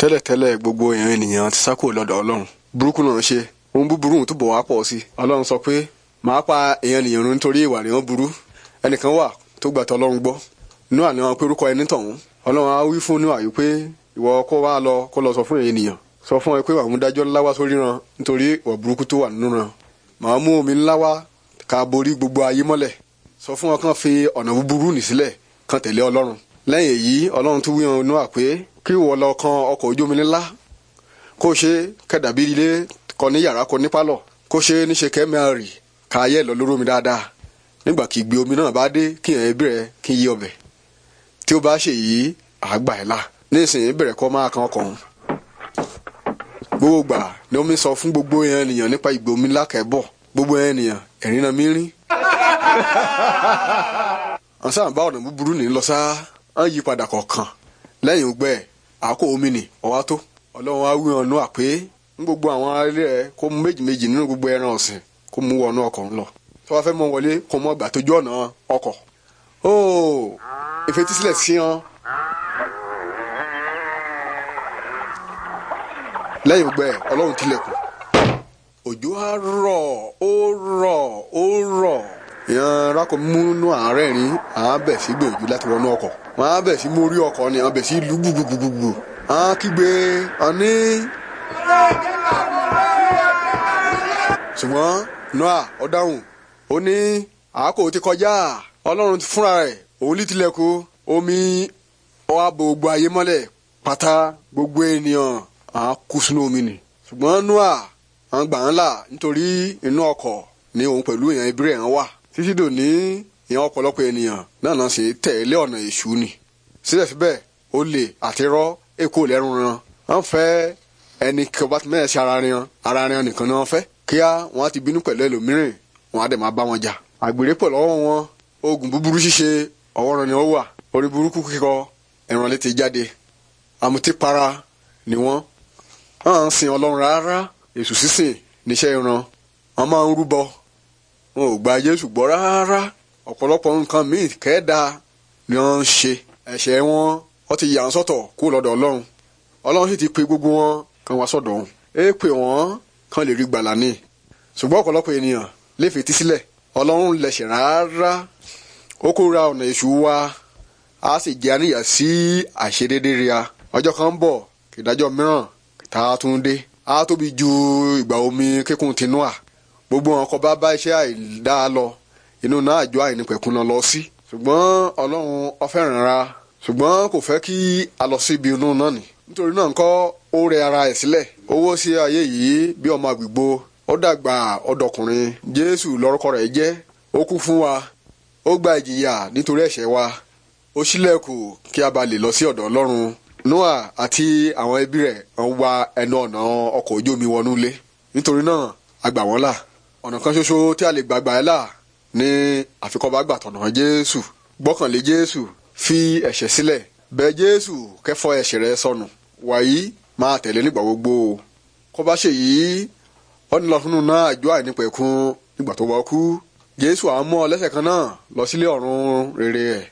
tẹ́lẹ̀tẹ́lẹ̀ gbogbo èèyàn ènìyàn ti sá kúrò lọ́dọ̀ ọlọ́run burúkú náà ṣe ohun búburú tó bọ̀ wá pọ̀ sí ọlọ́run sọ pé màá pa èèyàn ènìyàn run nítorí ìwà rẹ̀ wọ́n burú ẹnìkan wà tó gbàtọ́ ọlọ́run gbọ́ nú àná pé orúkọ ẹni tọ̀hún ọlọ́run á wí fún nú àyù pé ìwọ kó wá lọ kó lọ sọ fún ènìyàn sọ fún ẹ pé àwọn dájọ́ ńlá wá sórí ran nítorí ìwà burúkú tó wà nínú ran màá mú omi ńlá wá ká borí gbogbo ayé mọ́lẹ̀ sọ fún ọ kàn fi ọ̀nà búburú nì sílẹ̀ kàn tẹ̀lé ọlọ́run lẹ́yìn èyí ọlọ́run tún wí hàn nú à pé kí wọ́n lọ kan ọkọ̀ ojú omi ńlá kó ṣe kẹdàbí ilé kọ ní yàrá kọ ní pálọ̀ kó ṣe níṣe kẹ́mẹ́rì káyẹ̀ lọ lórí omi dáadáa nígbà kí gbé omi náà bá dé kí yẹn bẹ̀rẹ̀ kí yí ọbẹ̀ tí ó bá ṣe yìí àgbà ẹ̀ la nísìnyí bẹ̀rẹ̀ kọ́ máa kan ọkàn gbogbo gbà ni omi sọ fún gbogbo yẹn ènìyàn nípa ìgbé omi ńlá kẹ́bọ̀ gbogbo yẹn ènìyàn ẹ̀rín náà mi rín. wọ́n sábà ọ̀nà búburú ní lọ sáá wọ́n yí padà kọ̀ọ̀kan lẹ́yìn ogbẹ́ àkó omi nì ọwá tó ọlọ́run wá wí ọ̀nù àpé ń gbogbo àwọn aráàlú rẹ kó mú méjì méjì nínú gbogbo ẹran ọ̀sìn kó mú wọnú ọkọ̀ ńlọ tó bá fẹ́ mọ wọlé kó mọ gbà ọ̀nà ọkọ̀ óò ìfetísílẹ̀ sí wọn. lẹ́yìn gbogbo ẹ̀ ọlọ́run tilẹ̀kùn òjò á rọ̀ ó rọ̀ ó rọ̀ èèyàn rákòmúnú àárẹ̀rin àwọn abẹ̀ sí gbìyànjú láti wọnú ọkọ̀ wọn abẹ̀ sí mórí ọkọ̀ ni àwọn abẹ̀ sí lù gbùgbùgbùgbù àwọn kígbe ọ̀ní. ṣùgbọ́n noah ọ̀dáhùn ó ní àákò ti kọjá ọlọ́run fúnra rẹ̀ òun lè tilẹ̀kù omi ọwọ́ bo gbogbo ayé mọ́lẹ̀ pátá gbogbo ènìyàn àwọn kú sínú omi ni ṣùgbọ́n noah àwọn gbà ń là nítorí inú ọkọ̀ ni òun pẹ̀lú èèyàn ibírẹ̀ wà títí dòní ìyẹn ọ̀pọ̀lọpọ̀ ènìyàn náà náà ṣe tẹ̀lé ọ̀nà èṣù ni síbẹ̀síbẹ̀ olè àti rọ́ èkó lẹ́rù ran wọ́n fẹ́ ẹni kí ọba ti mẹ́rẹ̀ sí ara ran ara ran nìkan ni wọ́n fẹ́ kíá wọ́n ti bínú pẹ̀lú ẹlòmíràn wọ́n á dẹ̀ máa bá wọn jà àgbèrè pọ̀ lọ́wọ́ wọn oògùn búburú ṣíṣe ọwọ́ ran ni ó wà orí burúkú kíkọ ẹ̀ràn létí jáde àmutípara ni wọ́n wọ́n ń sin ọlọ́run rárá èṣù sísìn níṣẹ́ ìran wọ́n máa ń rúbọ wọn ò gba Jésù gbọ́ rárá ọ̀pọ̀lọpọ̀ nǹkan míì kẹ́ẹ̀dá ni wọ́n ń ṣe ẹ̀ṣẹ̀ wọn wọ́n ti yà wọ́n sọ́tọ̀ kú lọ́dọ̀ Ọlọ́run Ọlọ́run sì ti pe gbogbo wọn kan wá sọ́dọ̀ òun é pè wọ́n kan lè rí gbàlà ní ṣùgbọ́n ọ̀pọ̀lọpọ̀ ènìyàn lè fetí sílẹ̀ Ọlọ́run lẹ̀ṣẹ̀ rárá ó kórìíra ọ̀nà èṣù wa a sì jẹ́ àníyàn sí àṣedédé ria ọjọ́ kan ń bọ̀ kìdájọ́ mìíràn tá tún dé a tóbi ju ìgbà omi kíkún tinúà gbogbo wọn kò bá bá iṣẹ́ àìdá lọ inú náà àjọ àìnípẹ̀kun lọ sí ṣùgbọ́n ọlọ́run ọfẹ́ràn ra ṣùgbọ́n kò fẹ́ kí a lọ sí ibi inú náà ni nítorí náà ńkọ́ ó rẹ ara ẹ̀ sílẹ̀ ó wọ́ sí ayé yìí bí ọmọ àgbègbò ó dàgbà ọ̀dọ́kùnrin jésù lórúkọ rẹ̀ jẹ́ ó kú fún wa ó gba ìjìyà nítorí ẹ̀ṣẹ̀ wa ó ṣílẹ̀kù kí a bá lè lọ sí ọ̀dọ̀ ọlọ́run noa àti àwọn ẹbí rẹ̀ ń wa ẹnu ọ̀nà ọkọ̀ ojú omi wọnú ilé nítorí náà a gbà wọ́n là ọ̀nà kan ṣoṣo tí a lè gbàgbà ẹ́ là ní àfikọ́bá gbàtọ̀nà jésù gbọ́kànlé jésù fi ẹ̀ṣẹ̀ sílẹ̀ bẹ̀ jésù kẹ́fọ́ ẹ̀ṣẹ̀ rẹ sọnù wàyí máa tẹ̀lé nígbà gbogbo kó bá ṣe yìí ọ́n ní lọ fún un náà àjọ àìnípẹ̀kun nígbà tó bá kú jésù àmọ́ lẹ́sẹ̀ kan náà lọ sílé ọ̀run rere ẹ̀